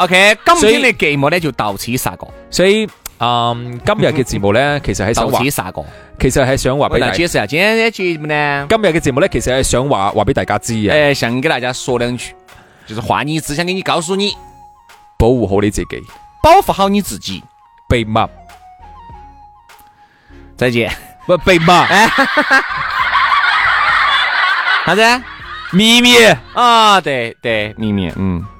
OK，今天的節目呢就到此煞過。所以，嗯，今日嘅節目呢，其實係想話，其實還想話。解釋一下今天的節目呢，今日嘅節目呢，其實還想話話給大家知啊。誒，想給大家說兩句，就是話你，只想給你告訴你，保護好你自己，保護好你自己，拜拜，再見，不拜拜。哈，哈，哈，哈，哈，哈，哈，秘密。哈，哈，哈，哈，哈，哈，